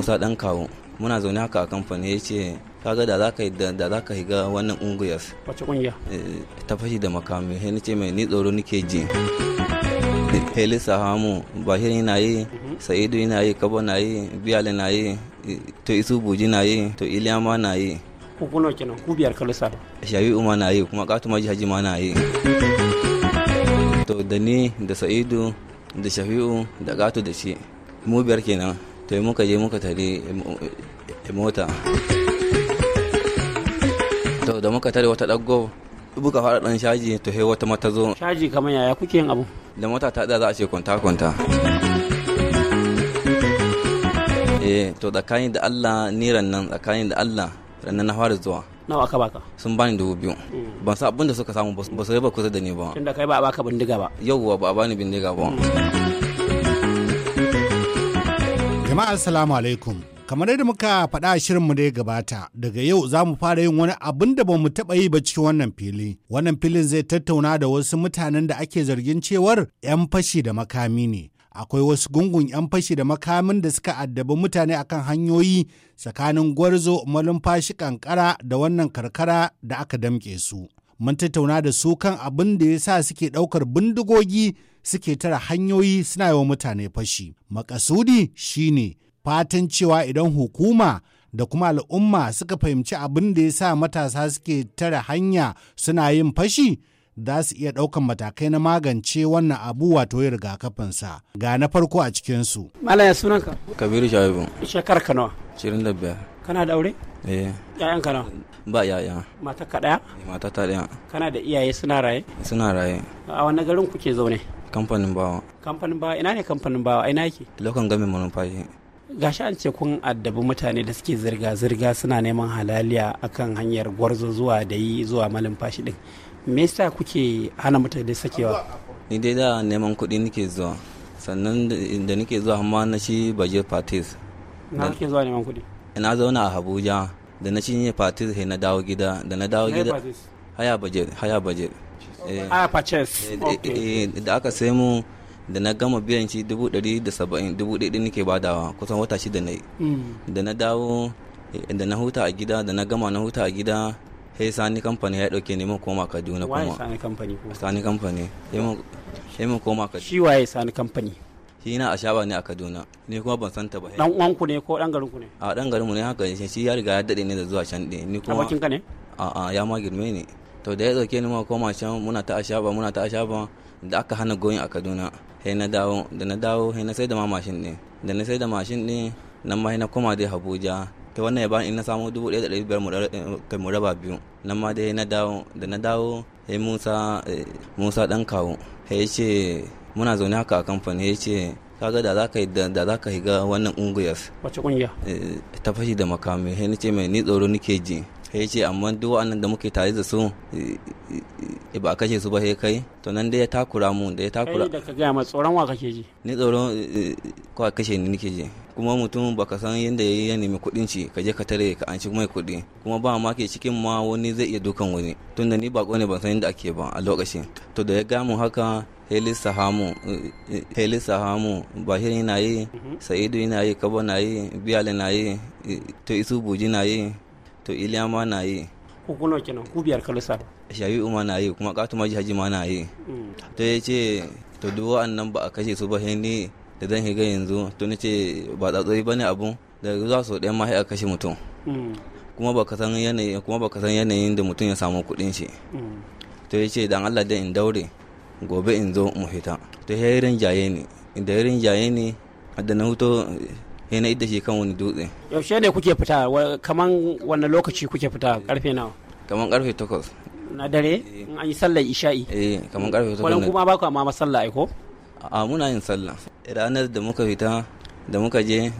musa dan kawo muna zaune haka a kamfani ya ce kaga da zaka yi da zaka higa wannan ungiyar wace kungiya eh, ta fashi da makami sai nace mai ni tsoro nake ji heli sahamu bahir yana yi mhm. sa'idu yana yi kabo na yi Biyali na yi to isu buji na yi to iliyama na yi kukuna kenan ku biyar kalisa shabi umar na yi kuma katuma jihaji ma na yi to da ni da sa'idu da shafi'u da gato da shi mu biyar kenan to muka je muka tare eh, mota to da muka tare wata dago, buka fara ɗan shaji to he wata mata zo shaji kamar yaya kuke yin abu da mota ta za a ce kwanta kwanta eh to tsakani da Allah niran nan tsakani da Allah ranar na fara zuwa nawa aka baka sun bani dubu biyu hmm. ban sa abin da suka samu ba su yaba kusa da ni ba tunda kai ba a baka bindiga ba yauwa ba a bani bindiga ba hmm. Jama'a Assalamu alaikum. Kamar yadda muka faɗa a shirinmu da ya gabata, daga yau za mu fara yin wani abin da ba mu taɓa yi ba cikin wannan fili. Wannan filin zai tattauna da wasu mutanen da ake zargin cewar 'yan fashi da makami ne. Akwai wasu gungun 'yan fashi da makamin da suka addabi mutane akan hanyoyi tsakanin gwarzo malumfashi kankara da wannan karkara da aka damƙe su. mun tattauna da su kan abin da ya sa suke ɗaukar bindigogi suke tara hanyoyi suna yi wa mutane fashi. Makasudi shine fatan cewa idan hukuma da kuma al'umma suka fahimci abin da ya sa matasa suke tara hanya suna yin fashi za su iya ɗaukan matakai na magance wannan abu wato ya rigakafinsa ga na farko a cikinsu. Malaya sunanka? Kabiru Shabibu. Shekar Kano. 25. kana da aure eh yayan kana ba yaya mata ka daya eh, mata ta daya kana da iyaye suna raye suna raye a wani garin kuke zaune kamfanin bawa kamfanin bawa ina ne kamfanin bawa ina yake lokan gamin manufashi gashi an ce kun addabi mutane da suke zirga-zirga suna neman halaliya akan hanyar gwarzo zuwa da yi zuwa malumfashi din me yasa kuke hana mutane sakewa ni dai da neman kuɗi nake zuwa sannan da nake zuwa amma na shi baje parties na kake zuwa neman kuɗi na zauna a Abuja da na cinye fatir na dawo gida da na dawo gida haya budget haya budget eh, ah, haya purchase eh, eh, da aka sai mu da na gama biyan shi dubu ɗari da saba'in dubu ɗaya nake badawa kusan wata da na yi hmm. da na dawo da na huta a gida da na gama na huta a gida sai sani kamfani ya ɗauke neman koma kaduna kuma sani kamfani sani kamfani sai mun koma kaduna shi waye sani kamfani shi na ashaba ne a kaduna ni kuma ban santa ba dan uwan ku ne ko dan garin ku ne a dan garin mu ne haka shi ya riga ya dade ne da zuwa can din ni kuma abokin ka ne a a ya ma girme ne to da ya dauke ni ma koma can muna ta ashaba muna ta ashaba da aka hana goyin a kaduna sai na dawo da na dawo sai na sai da ma mashin din da na sai da mashin din nan ma sai na koma dai Abuja ta wannan yaban in na samu dubu ɗaya da ɗari biyar mu raba eh, biyu nan ma dai na dawo da na dawo sai Musa eh, Musa dan kawo sai ya ce muna zaune haka a kamfani ya ce kaga da zaka da zaka higa wannan ungiyar wace kungiya eh, ta fashi da makami sai nace mai ni tsoro nake ji sai ce amma duk wa'annan da muke tare da su eh, ba a kashe su ba sai kai to nan dai ya takura mu da ya takura kai da ka gaya ma tsoron wa kake ji ni tsoron eh, kwa kashe ni nake ji kuma mutum ba ka san yadda ya ya nemi kuɗin ci ka je ka tare ka an ci mai kuɗi kuma ba ma ke cikin ma wani zai iya dukan wani tunda ni ba ne ban san yadda ake ba a lokacin to da ya gamu haka heli sahamu heli sahamu bahir na yi mhm. sa'idu na yi kabo na yi biyale na yi to isu buji na yi to iliyama na yi hukuno kenan ku biyar kalu sa shayi umma na yi kuma katuma Haji ma na yi mm. to ya ce to duk nan ba a kashe su ba ni da zan higa yanzu to ni ce ba tsatsori ba ne abu. da zuwa sau ɗaya ma a kashe mutum mm. kuma ba san yanayin kuma ba ka san yanayin da mutum ya samu kuɗin shi mm. to ya ce dan Allah da in daure gobe in zo mu fita to ya yi rinjaye ne da ya jaye ne da na huto ya na idda shi kan wani dutse yaushe ne kuke fita kaman wanne lokaci kuke fita karfe nawa kaman karfe takwas na dare in eh. an yi sallar isha'i eh kaman karfe takwas wannan kuma ba ku amma sallah ai ko a muna yin sallah ranar da muka fita da muka je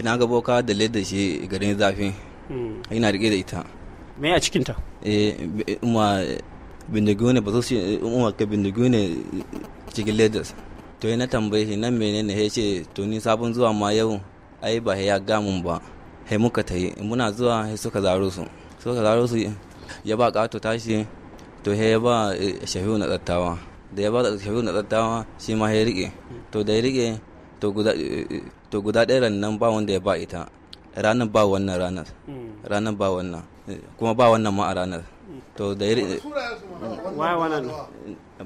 ina ga boka da leda shi garin zafi hmm. ina rike da ita me a cikinta eh ma bindigo ne ba su ce eh, umar ka bindigo ne cikin lagos to na tambaye shi nan menene he ce to ni sabon zuwa ma yau ai ba ya gamun ba he muka ta yi muna zuwa he suka zaro su suka zaro su ya ba kato tashi to he ya ba eh, shafiu na tsattawa da ya ba shafiu na tsattawa shi ma he rike to da ya rike eh, to guda ɗaya nan ba wanda ya ba ita ranar ba wannan ranar hmm. ranar ba wannan kuma ba wannan ma a ranar to da iri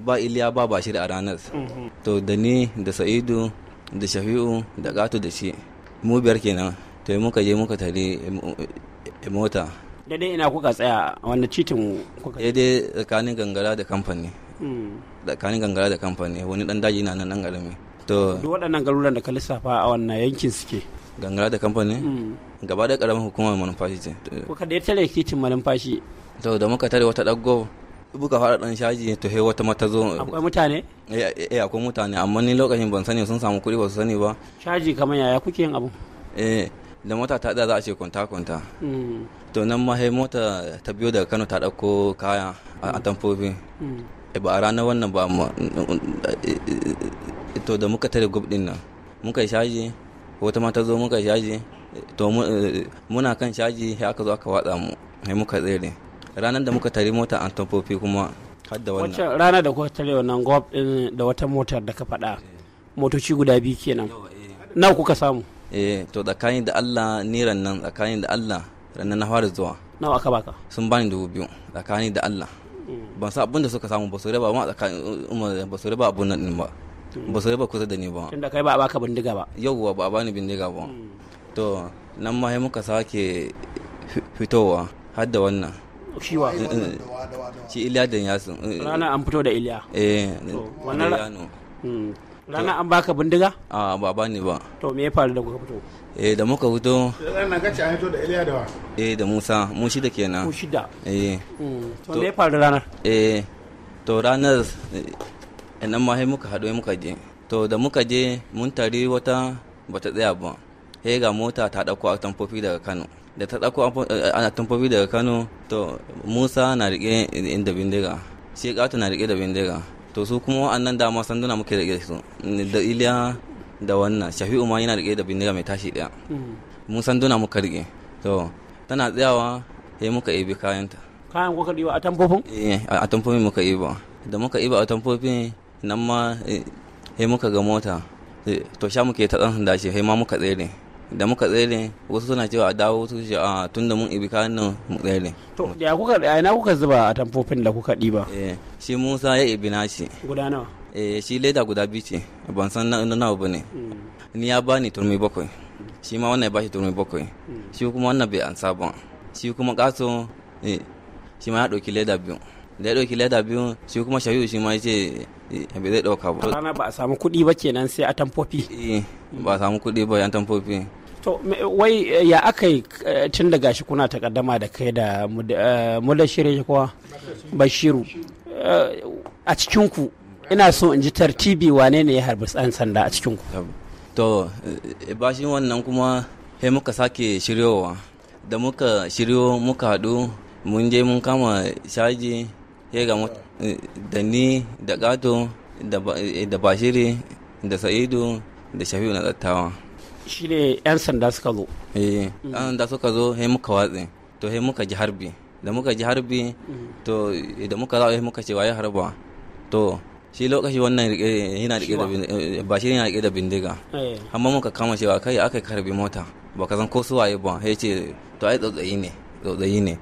ba iliya ba bashir a ranar mhm. to da ni da sa'idu da shafi'u da gato da shi mu biyar kenan to muka je muka tare mota daidai ina kuka tsaya a wannan citin kuka dai tsakanin gangara da kamfani mm. tsakanin gangara da kamfani wani dan daji na nan garami to duk waɗannan garuruwan da ka lissafa a wannan yankin suke gangara da kamfani mm. gaba da karamin hukumar manumfashi ce kuka da ya tare titin manumfashi to da muka tare wata dago buga fara dan shaji to he wata mata zo akwai mutane eh, eh, eh akwai mutane amma ni lokacin ban sani sun samu kuɗi ba su sani ba shaji kamar yaya kuke yin abu eh da mota ta da za a ce kwanta kwanta hmm. to nan ma he mota ta biyo daga Kano ta dauko kaya a tamfofi hmm. eh, ba a ranar wannan ba amma to da muka tare gub din nan muka yi shaji wata mata zo muka yi shaji to muna kan shaji he aka zo aka watsa mu he muka tsere ranar da muka tare mota an tamfofi kuma Hadda wannan wacce rana da kuka tare wannan gwab din da wata motar da ka faɗa eh. motoci guda biyu kenan eh. na kuka samu eh to tsakanin da Allah ni nan tsakanin da Allah ranar na fara zuwa nawa aka baka sun bani dubu biyu tsakanin da Allah mm. ban sa abin da suka samu ba su raba ba tsakanin ba su raba abun nan ba mm. ba su raba kusa da ni ba tunda kai ba a baka bindiga ba yauwa ba a bani bindiga ba mm. to nan ma muka sake fitowa har da wannan shiwa eh, eh. shi iliya da yasu eh, rana an fito da iliya eh wannan hmm. rana an baka bindiga a ba ba ne ba to me ya faru da kuka fito eh da muka fito rana gace an fito da iliya da wa eh da musa mu shida kenan mu shida eh hmm. to me ya faru rana. eh to ranar nan ma hai muka haɗu muka je to da muka je mun tare wata bata tsaya ba sai ga mota ta ɗauko a tamfofi daga kano da ta dako eh, ana tumfofi daga kano to musa na riƙe da bindiga shi ƙato na riƙe da bindiga to su kuma wa'annan dama sanduna muke riƙe su da iliya da wannan shafi'u ma yana riƙe da bindiga mai tashi ɗaya hmm. mun sanduna muka riƙe to tana tsayawa sai muka ibi kayanta kayan kuka ɗiba a tamfofin? eh a tamfofin muka iba da muka iba a tamfofin nan ma sai eh, muka ga mota eh, to sha muke ta ɗan sanda shi sai ma muka tsere da muka tsere wasu suna cewa a dawo wasu shi a ah, tunda mun ibi kayan nan mu tsere. to ya kuka a ina kuka zuba a tamfofin da kuka ɗi eh shi musa ya ibi nashi. guda nawa. eh shi leda guda biyu ce ban san na nawa ba ne. Mm. ni ya bani turmi bakwai shi ma wannan ya bashi turmi bakwai mm. shi kuma wannan bai ansa ba shi kuma kaso eh, shi ma ya ɗauki leda biyu. da ya ɗauki leda biyun shi kuma shayu shi ma yace ce eh, bai zai ɗauka ba. rana ba a samu kuɗi ba kenan sai a tamfofi. Eh, ba a samu kuɗi ba yan tamfofi. to wai eh, ya aka yi tun da gashi kuna takaddama da kai da mudashirin kuwa bashiru a cikinku ina so in ji tartibi wane ne ya harbi tsan sanda a cikinku. to bashin wannan kuma sai muka sake shiryowa da muka shiryo muka haɗu mun je mun kama shaji ya ga eh, da ni da gato eh, da bashiri da sa'idu da shafi'u na tsattawa shi ne 'yan sanda suka zo eh 'yan mm. sanda suka zo sai muka watsi to sai muka ji harbi da muka ji harbi mm. to da muka zaɓe muka ce waye harba to shi lokaci wannan eh, yana rike da bashiri yana rike da bindiga amma muka kama cewa kai aka karbi mota baka san ko suwaye ba sai ce to ai tsotsayi ne tsotsayi ne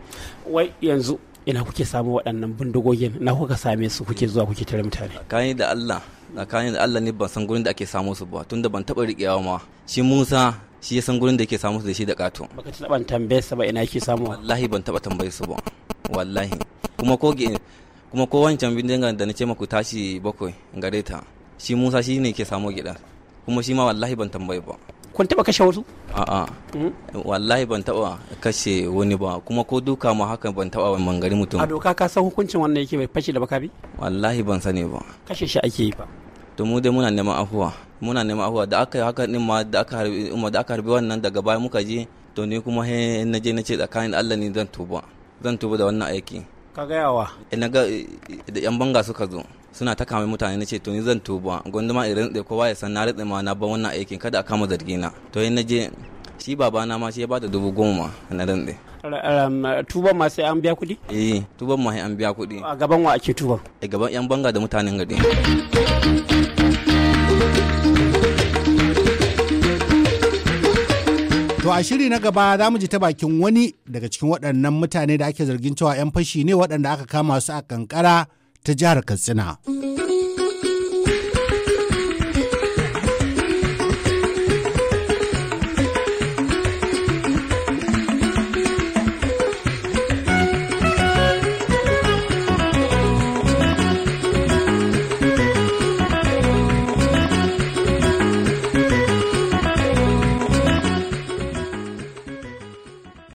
wai yanzu ina kuke samu waɗannan bindigogin na kuka same su kuke zuwa kuke tare mutane tsakani da Allah tsakani da Allah ne ban san gurin da ake samu su ba tunda ban taɓa riƙewa ma shi Musa shi ya san gurin da yake samu su da shi da ƙato baka taɓa tambaye sa ba ina yake samu wallahi ban taɓa tambaye su ba wallahi kuma ko kuma ko wancan bindiga da na ce maku tashi bakwai gareta. shi Musa shi ne ke samu gida kuma shi ma wallahi ban tambaye ba kun taba kashe wasu a'a hmm? wallahi ban taba kashe wani ba kuma ko duka ma haka ban taba ban mangari mutum a doka ka san hukuncin wannan yake mai fashi da bi? wallahi ban sani ba kashe shi ake yi ba to mu dai muna neman afuwa muna neman afuwa da aka haka din ma da aka harbi umma da aka harbi wannan daga baya muka je to ni kuma he na je na ce tsakanin Allah ne zan tuba zan tuba da wannan aiki ka ga yawa eh, na ga da yan banga suka zo suna ta kama mutane na ce to ni zan tuba gwanduma irin da kowa ya san na rinde ma na ban wannan aikin kada a kama zargina to na naje shi babana ma shi ya bada dubu goma na rinde tuban ma sai an biya kuɗi? eh tuban ma sai an biya kuɗi a gaban wa ake tuban a gaban yan banga da mutanen gari To a shiri na gaba za mu ji ta bakin wani daga cikin waɗannan mutane da ake zargin cewa 'yan fashi ne waɗanda aka kama su a kankara ta jihar Katsina.